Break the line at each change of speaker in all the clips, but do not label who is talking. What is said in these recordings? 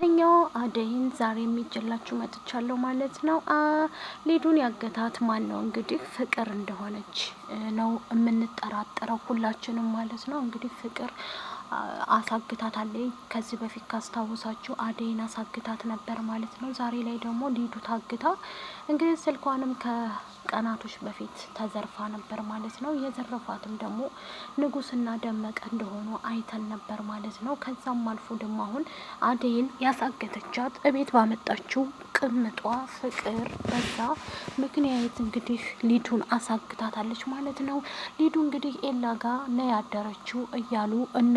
ሁለተኛው አደይን ዛሬ የሚጀላችሁ መጥቻለሁ ማለት ነው። ሊዱን ያገታት ማን ነው እንግዲህ ፍቅር እንደሆነች ነው የምንጠራጠረው ሁላችንም ማለት ነው እንግዲህ ፍቅር አሳግታታለች። ከዚህ በፊት ካስታወሳችሁ አደይን አሳግታት ነበር ማለት ነው። ዛሬ ላይ ደግሞ ሊዱ ታግታ እንግዲህ ስልኳንም ከቀናቶች በፊት ተዘርፋ ነበር ማለት ነው። የዘረፏትም ደግሞ ንጉስና ደመቀ እንደሆኑ አይተን ነበር ማለት ነው። ከዛም አልፎ ደግሞ አሁን አደይን ያሳገተቻት እቤት ባመጣችው ቅምጧ ፍቅር በዛ ምክንያት እንግዲህ ሊዱን አሳግታታለች ማለት ነው። ሊዱ እንግዲህ ኤላ ጋ ነው ያደረችው እያሉ እነ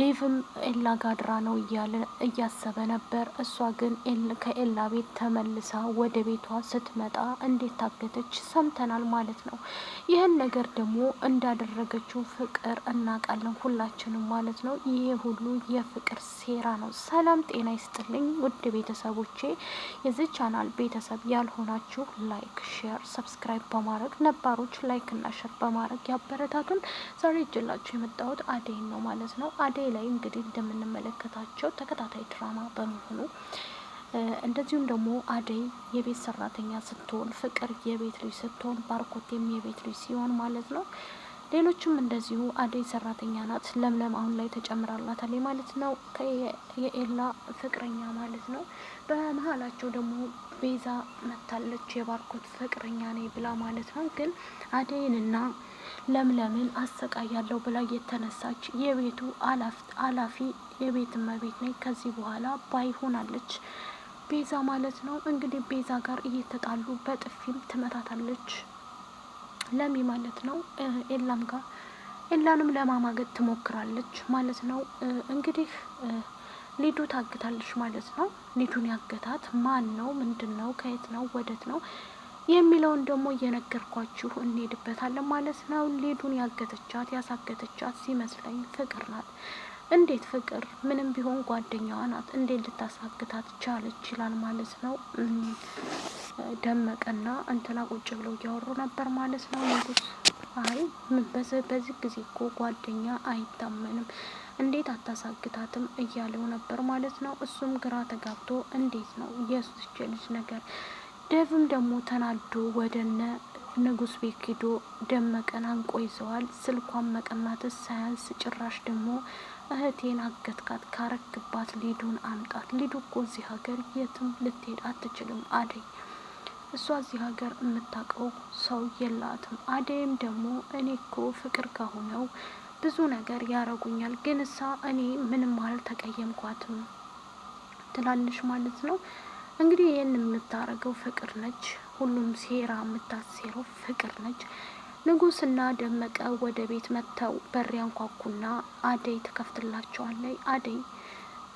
ዴቭም ኤላ ጋድራ ነው እያለ እያሰበ ነበር። እሷ ግን ከኤላ ቤት ተመልሳ ወደ ቤቷ ስትመጣ እንዴት ታገተች ሰምተናል ማለት ነው። ይህን ነገር ደግሞ እንዳደረገችው ፍቅር እናውቃለን ሁላችንም ማለት ነው። ይሄ ሁሉ የፍቅር ሴራ ነው። ሰላም ጤና ይስጥልኝ ውድ ቤተሰቦቼ፣ የዚህ ቻናል ቤተሰብ ያልሆናችሁ ላይክ፣ ሼር፣ ሰብስክራይብ በማድረግ ነባሮች ላይክና ሼር በማድረግ ያበረታቱን። ዛሬ እጅላችሁ የመጣሁት አደይን ነው ማለት ነው። አደይ ላይ እንግዲህ እንደምንመለከታቸው ተከታታይ ድራማ በመሆኑ እንደዚሁም ደግሞ አደይ የቤት ሰራተኛ ስትሆን፣ ፍቅር የቤት ልጅ ስትሆን፣ ባርኮቴም የቤት ልጅ ሲሆን ማለት ነው። ሌሎችም እንደዚሁ አደይ ሰራተኛ ናት። ለምለም አሁን ላይ ተጨምራላታል ማለት ነው፣ የኤላ ፍቅረኛ ማለት ነው። በመሀላቸው ደግሞ ቤዛ መታለች፣ የባርኮት ፍቅረኛ ነኝ ብላ ማለት ነው። ግን አደይንና ለምለምን አሰቃያለሁ ብላ የተነሳች የቤቱ አላፊ የቤት እመቤት ነኝ ከዚህ በኋላ ባይ ሆናለች። ቤዛ ማለት ነው እንግዲህ ቤዛ ጋር እየተጣሉ በጥፊም ትመታታለች። ለሚ ማለት ነው ኤላም ጋር ኤላንም ለማማገጥ ትሞክራለች ማለት ነው። እንግዲህ ሊዱ ታግታለች ማለት ነው። ሊዱን ያገታት ማን ነው? ምንድን ነው? ከየት ነው? ወደት ነው? የሚለውን ደግሞ እየነገርኳችሁ እንሄድበታለን ማለት ነው። ሌዱን ያገተቻት ያሳገተቻት ሲመስለኝ ፍቅር ናት። እንዴት ፍቅር ምንም ቢሆን ጓደኛዋ ናት፣ እንዴት ልታሳግታት ቻለች? ይችላል ማለት ነው። ደመቀና እንትና ቁጭ ብለው እያወሩ ነበር ማለት ነው። ንጉስ አይ በዚህ ጊዜ እኮ ጓደኛ አይታመንም፣ እንዴት አታሳግታትም እያለው ነበር ማለት ነው። እሱም ግራ ተጋብቶ እንዴት ነው የሱስ ልጅ ነገር ደብም ደግሞ ተናዶ ወደነ ንጉስ ቤት ሄዶ ደመቀን አንቆ ይዘዋል። ስልኳን መቀማትስ ሳያንስ ጭራሽ ደግሞ እህቴን አገትካት ካረክባት ሊዱን አምጣት። ሊዱ እኮ እዚህ ሀገር የትም ልትሄድ አትችልም። አደይ እሷ እዚህ ሀገር የምታውቀው ሰው የላትም። አደይም ደግሞ እኔ እኮ ፍቅር ከሆነው ብዙ ነገር ያረጉኛል፣ ግን እሳ እኔ ምንም አልተቀየምኳትም ትላልሽ ማለት ነው እንግዲህ ይህን የምታደርገው ፍቅር ነች። ሁሉም ሴራ የምታሴረው ፍቅር ነች። ንጉስና ደመቀ ወደ ቤት መጥተው በር ያንኳኩና አደይ ትከፍትላቸዋለች። አደይ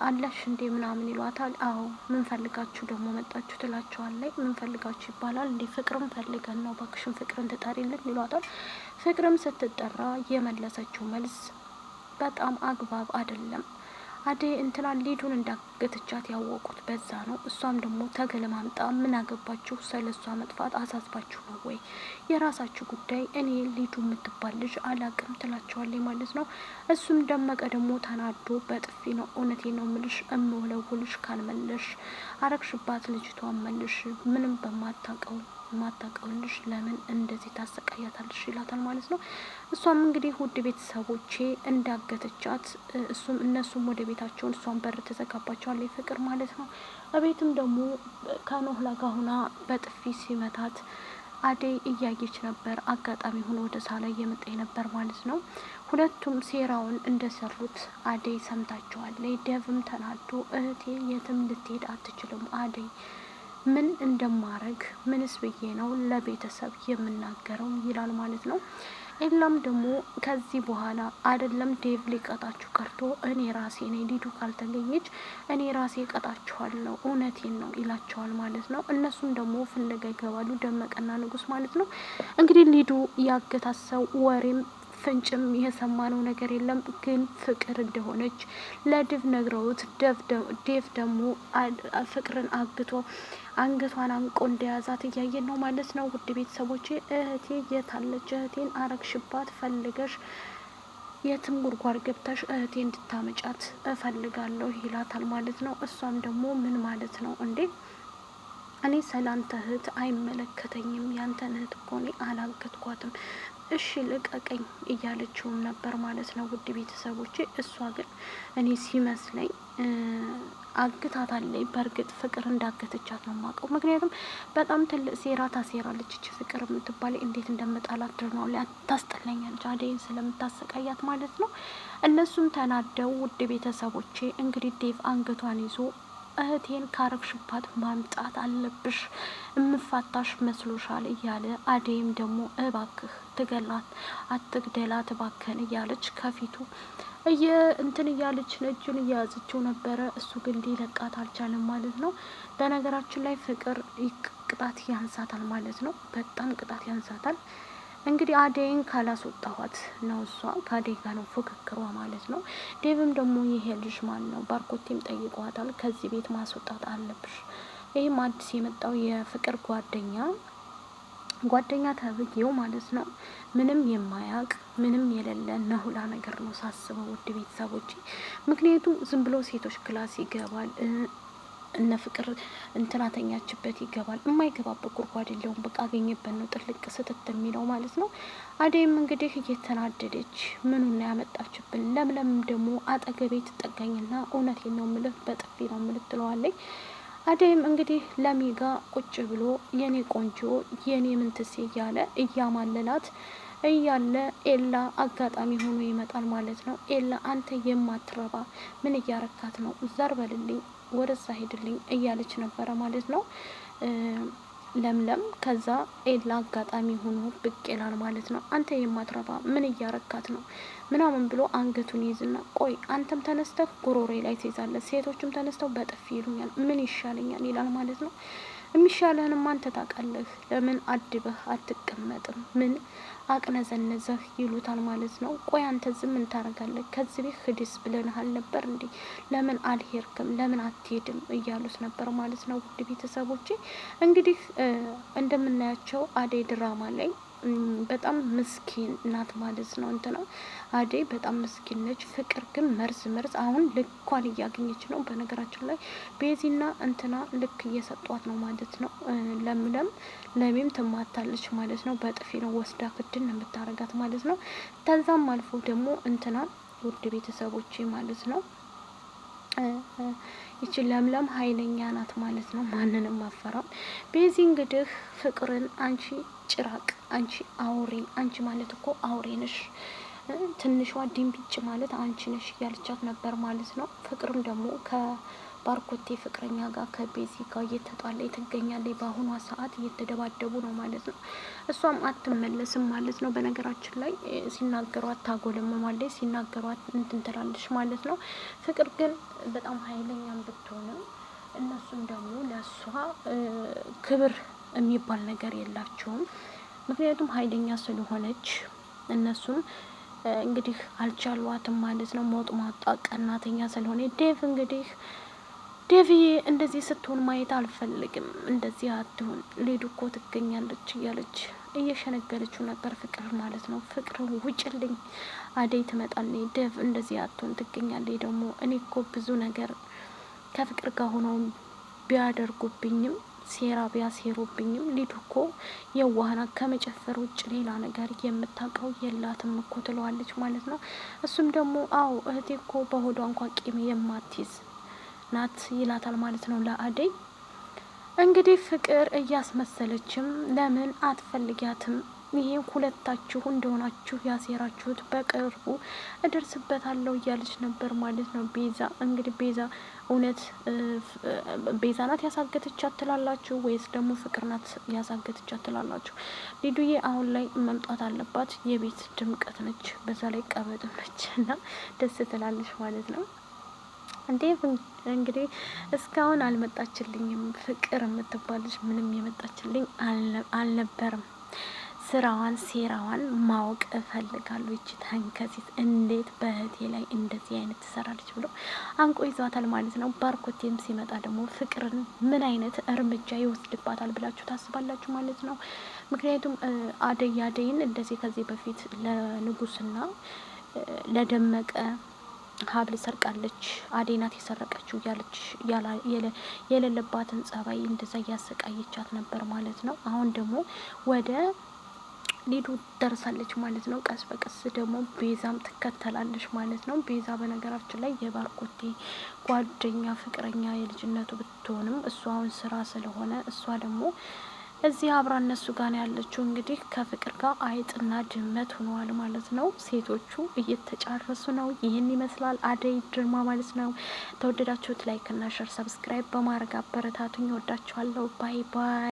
አለሽ እንዴ ምናምን ይሏታል። አዎ ምን ፈልጋችሁ ደግሞ መጣችሁ ትላቸዋለች። ምን ፈልጋችሁ ይባላል። እንዴ ፍቅርም ፈልገን ነው ባክሽን ፍቅርን ትጠሪልን ይሏታል። ፍቅርም ስትጠራ የመለሰችው መልስ በጣም አግባብ አይደለም። አደይ እንትና ሊዱን እንዳገተቻት ያወቁት በዛ ነው። እሷም ደግሞ ተገለማምጣ ምን አገባችሁ ሰለሷ መጥፋት አሳስባችሁ ነው ወይ የራሳችሁ ጉዳይ፣ እኔ ሊዱ የምትባል ልጅ አላቅም ትላቸዋለች ማለት ነው። እሱም ደመቀ ደግሞ ተናዶ በጥፊ ነው እውነቴ ነው ምልሽ እምወለውልሽ ካልመለሽ አረግሽባት ልጅቷ መልሽ ምንም በማታውቀው የማታውቀውን ልጅ ለምን እንደዚህ ታሰቃያታለሽ? ይላታል ማለት ነው። እሷም እንግዲህ ውድ ቤተሰቦቼ እንዳገተቻት እሱም እነሱም ወደ ቤታቸውን እሷን በር ተዘጋባቸዋል ፍቅር ማለት ነው። እቤትም ደግሞ ከኖህ ጋር ሁና በጥፊ ሲመታት አደይ እያየች ነበር። አጋጣሚ ሆኖ ወደ ላይ እየመጣ ነበር ማለት ነው። ሁለቱም ሴራውን እንደሰሩት አደይ ሰምታቸዋለች። ደብም ተናዶ እህቴ የትም ልትሄድ አትችልም አደይ ምን እንደማረግ ምንስ ብዬ ነው ለቤተሰብ የምናገረው ይላል ማለት ነው። ኤላም ደግሞ ከዚህ በኋላ አይደለም ዴቭ ሊቀጣችሁ ቀርቶ እኔ ራሴ ነኝ፣ ሊዱ ካልተገኘች እኔ ራሴ ቀጣችኋለሁ፣ እውነቴን ነው ይላቸዋል ማለት ነው። እነሱም ደግሞ ፍለጋ ይገባሉ፣ ደመቀና ንጉስ ማለት ነው። እንግዲህ ሊዱ ያገታሰው ወሬም ፍንጭም የሰማነው ነገር የለም። ግን ፍቅር እንደሆነች ለድብ ነግረውት ዴቭ ደግሞ ፍቅርን አግቶ አንገቷን አንቆ እንደያዛት እያየን ነው ማለት ነው። ውድ ቤተሰቦች እህቴ የታለች? እህቴን አረግሽባት ፈልገሽ የትም ጉርጓር ገብተሽ እህቴ እንድታመጫት እፈልጋለሁ ይላታል ማለት ነው። እሷም ደግሞ ምን ማለት ነው እንዴ? እኔ ስላንተ እህት አይመለከተኝም። ያንተን እህት እኮ እኔ አላገትኳትም። እሺ ልቀቀኝ እያለችውም ነበር ማለት ነው ውድ ቤተሰቦቼ። እሷ ግን እኔ ሲመስለኝ አግታታለይ በእርግጥ ፍቅር እንዳገተቻት ነው ማውቀው። ምክንያቱም በጣም ትልቅ ሴራ ታሴራለች እች ፍቅር የምትባለ እንዴት እንደምጣላት ድርማው ላይ ታስጠላኛለች፣ አደይን ስለምታሰቃያት ማለት ነው። እነሱም ተናደው ውድ ቤተሰቦቼ እንግዲህ ዴቭ አንገቷን ይዞ እህቴን ካረግሽባት ማምጣት አለብሽ የምፋታሽ መስሎሻል እያለ አደይም ደግሞ እባክህ ትገላት አትግደላት እባከን እያለች ከፊቱ እየ እንትን እያለች እጁን እየያዘችው ነበረ። እሱ ግን ሊለቃት አልቻለም ማለት ነው። በነገራችን ላይ ፍቅር ቅጣት ያንሳታል ማለት ነው። በጣም ቅጣት ያንሳታል። እንግዲህ አደይን ካላስወጣኋት ነው እሷ ከአደይ ጋር ነው ፉክክሯ ማለት ነው። ዴብም ደግሞ ይሄ ልጅ ማን ነው ባርኮቴም ጠይቋታል። ከዚህ ቤት ማስወጣት አለብሽ። ይህም አዲስ የመጣው የፍቅር ጓደኛ ጓደኛ ተብዬው ማለት ነው። ምንም የማያውቅ ምንም የሌለ ነሁላ ነገር ነው ሳስበው፣ ውድ ቤተሰቦች። ምክንያቱም ዝም ብሎ ሴቶች ክላስ ይገባል እነ ፍቅር እንትናተኛችበት ይገባል። የማይገባበት ጉድጓድ የለውም። በቃ አገኘበት ነው ጥልቅ ስትት የሚለው ማለት ነው። አደይም እንግዲህ እየተናደደች ምኑና ያመጣችብን። ለምለም ደግሞ አጠገቤ ትጠጋኝና እውነቴን ነው ምልህ በጥፊ ነው ምልህ ትለዋለኝ። አደይም እንግዲህ ለሚጋ ቁጭ ብሎ የኔ ቆንጆ የኔ ምንትሴ እያለ እያማለላት እያለ ኤላ አጋጣሚ ሆኖ ይመጣል ማለት ነው። ኤላ አንተ የማትረባ ምን እያረካት ነው? ዘር በልልኝ ወደዛ ሄድልኝ እያለች ነበረ ማለት ነው ለምለም። ከዛ ኤላ አጋጣሚ ሆኖ ብቅ ይላል ማለት ነው። አንተ የማትረባ ምን እያረካት ነው ምናምን ብሎ አንገቱን ይዝና፣ ቆይ አንተም ተነስተህ ጉሮሬ ላይ ትይዛለህ፣ ሴቶችም ተነስተው በጥፊ ይሉኛል፣ ምን ይሻለኛል ይላል ማለት ነው። የሚሻለህንም አንተ ታውቃለህ። ለምን አድበህ አትቀመጥም? ምን አቅነዘነዘህ ይሉታል ማለት ነው። ቆይ አንተ ዝም ምን ታደርጋለህ? ከዚህ ቤት ሂድስ ብለንሃል ነበር እንዴ? ለምን አልሄድክም? ለምን አትሄድም? እያሉት ነበር ማለት ነው። ውድ ቤተሰቦቼ እንግዲህ እንደምናያቸው አደይ ድራማ ላይ በጣም ምስኪን ናት ማለት ነው። እንት ነው አደይ በጣም ምስኪን ነች። ፍቅር ግን መርዝ መርዝ አሁን ልኳን እያገኘች ነው። በነገራችን ላይ ቤዚና እንትና ልክ እየሰጧት ነው ማለት ነው። ለምለም ለሚም ትማታለች ማለት ነው። በጥፊ ነው ወስዳ ክድን የምታረጋት ማለት ነው። ከዛም አልፎ ደግሞ እንትና ውድ ቤተሰቦቼ ማለት ነው ይች ለምለም ኃይለኛ ናት ማለት ነው። ማንንም አፈራም። በዚህ እንግዲህ ፍቅርን አንቺ ጭራቅ፣ አንቺ አውሬ፣ አንቺ ማለት እኮ አውሬ ነሽ፣ ትንሿ ድንቢጭ ማለት አንቺ ነሽ እያለቻት ነበር ማለት ነው። ፍቅርም ደግሞ ከ ባርኮቴ ፍቅረኛ ጋር ከቤዚ ጋር እየተጣላ ትገኛለች። በአሁኗ ሰዓት እየተደባደቡ ነው ማለት ነው። እሷም አትመለስም ማለት ነው። በነገራችን ላይ ሲናገሯት ታጎልም ታጎለምማለች፣ ሲናገሯት እንትን ትላለች ማለት ነው። ፍቅር ግን በጣም ኃይለኛም ብትሆንም እነሱም ደግሞ ለእሷ ክብር የሚባል ነገር የላቸውም። ምክንያቱም ኃይለኛ ስለሆነች እነሱም እንግዲህ አልቻሏትም ማለት ነው። ሞጥ ማጣ ቀናተኛ ስለሆነ ዴቭ እንግዲህ ዴቪዬ እንደዚህ ስትሆን ማየት አልፈልግም፣ እንደዚህ አትሆን፣ ሌዱ እኮ ትገኛለች እያለች እየሸነገለችው ነበር። ፍቅር ማለት ነው። ፍቅር ውጭልኝ፣ አደይ ትመጣል፣ ደቭ እንደዚህ አትሆን፣ ትገኛለች ደግሞ እኔ እኮ ብዙ ነገር ከፍቅር ጋር ሆነው ቢያደርጉብኝም ሴራ ቢያሴሩብኝም ሊዱ እኮ የዋህና ከመጨፈር ውጭ ሌላ ነገር የምታውቀው የላትም እኮ ትለዋለች ማለት ነው። እሱም ደግሞ አዎ እህቴ እኮ በሆዷ እንኳ ቂም የማትይዝ ናት ይላታል ማለት ነው ለአደይ። እንግዲህ ፍቅር እያስመሰለችም ለምን አትፈልጊያትም? ይሄ ሁለታችሁ እንደሆናችሁ ያሴራችሁት በቅርቡ እደርስበታለሁ እያለች ነበር ማለት ነው ቤዛ። እንግዲህ ቤዛ እውነት ቤዛ ናት ያሳገተች ትላላችሁ ወይስ ደግሞ ፍቅር ናት ያሳገተቻት ትላላችሁ? ሊዱዬ አሁን ላይ መምጣት አለባት። የቤት ድምቀት ነች፣ በዛ ላይ ቀበጥም ነች እና ደስ ትላለች ማለት ነው። እንዴ እንግዲህ እስካሁን አልመጣችልኝም። ፍቅር የምትባልች ምንም የመጣችልኝ አልነበርም። ስራዋን፣ ሴራዋን ማወቅ እፈልጋለሁ። ይቺ ተንከሲት እንዴት በእህቴ ላይ እንደዚህ አይነት ትሰራለች ብሎ አንቆ ይዟታል ማለት ነው። ባርኮቴም ሲመጣ ደግሞ ፍቅርን ምን አይነት እርምጃ ይወስድባታል ብላችሁ ታስባላችሁ ማለት ነው። ምክንያቱም አደይ አደይን እንደዚህ ከዚህ በፊት ለንጉስና ለደመቀ ሀብል ሰርቃለች፣ አዴናት የሰረቀችው እያለች የሌለባትን ጸባይ እንደዛ እያሰቃየቻት ነበር ማለት ነው። አሁን ደግሞ ወደ ሊዱ ደርሳለች ማለት ነው። ቀስ በቀስ ደግሞ ቤዛም ትከተላለች ማለት ነው። ቤዛ በነገራችን ላይ የባርኮቴ ጓደኛ፣ ፍቅረኛ የልጅነቱ ብትሆንም እሷ አሁን ስራ ስለሆነ እሷ ደግሞ እዚህ አብራ እነሱ ጋር ያለችው እንግዲህ ከፍቅር ጋር አይጥና ድመት ሆነዋል ማለት ነው። ሴቶቹ እየተጫረሱ ነው። ይህን ይመስላል አደይ ድርማ ማለት ነው። ተወደዳችሁት ላይክና ሸር ሰብስክራይብ በማድረግ አበረታቱኝ። ወዳችኋለሁ። ባይ ባይ